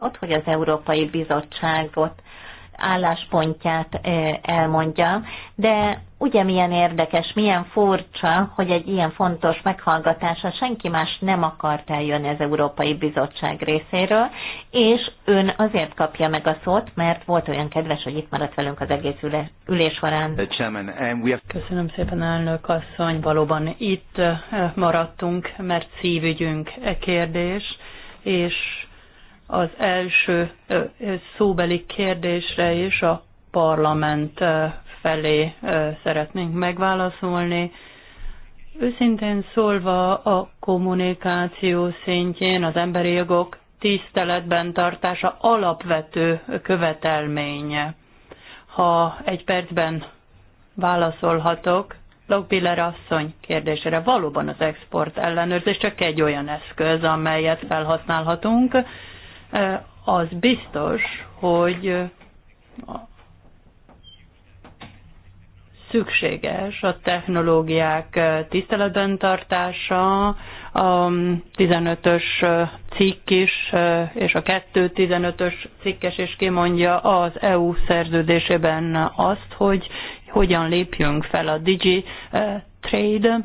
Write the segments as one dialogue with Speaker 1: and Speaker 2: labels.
Speaker 1: ott, hogy az Európai Bizottságot álláspontját elmondja, de ugye milyen érdekes, milyen furcsa, hogy egy ilyen fontos meghallgatása senki más nem akart eljönni az Európai Bizottság részéről, és ön azért kapja meg a szót, mert volt olyan kedves, hogy itt maradt velünk az egész ülés
Speaker 2: során. Köszönöm szépen, elnök asszony, valóban itt maradtunk, mert szívügyünk e kérdés, és az első szóbeli kérdésre is a parlament felé szeretnénk megválaszolni. Őszintén szólva a kommunikáció szintjén az emberi jogok tiszteletben tartása alapvető követelménye. Ha egy percben válaszolhatok, Lokbiller asszony kérdésére valóban az export ellenőrzés csak egy olyan eszköz, amelyet felhasználhatunk, Eh, az biztos, hogy eh, szükséges a technológiák eh, tiszteletben tartása, a 15-ös cikk is, és a 2.15-ös cikkes is kimondja az EU szerződésében azt, hogy hogyan lépjünk fel a Digi Trade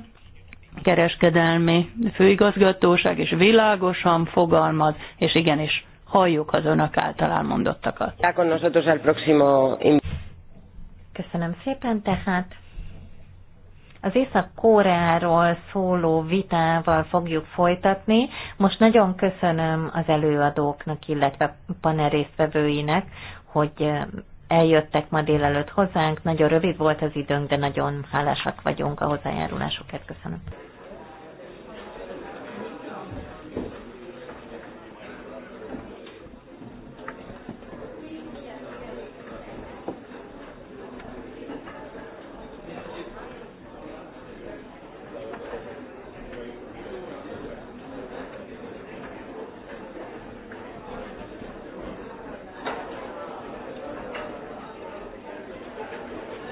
Speaker 2: kereskedelmi főigazgatóság, és világosan fogalmaz, és igenis halljuk az önök által elmondottakat.
Speaker 3: Köszönöm
Speaker 1: szépen, tehát az Észak-Koreáról szóló vitával fogjuk folytatni. Most nagyon köszönöm az előadóknak, illetve panel résztvevőinek, hogy eh, eljöttek ma délelőtt hozzánk. Nagyon rövid volt az időnk, de nagyon hálásak vagyunk a hozzájárulásokért Köszönöm.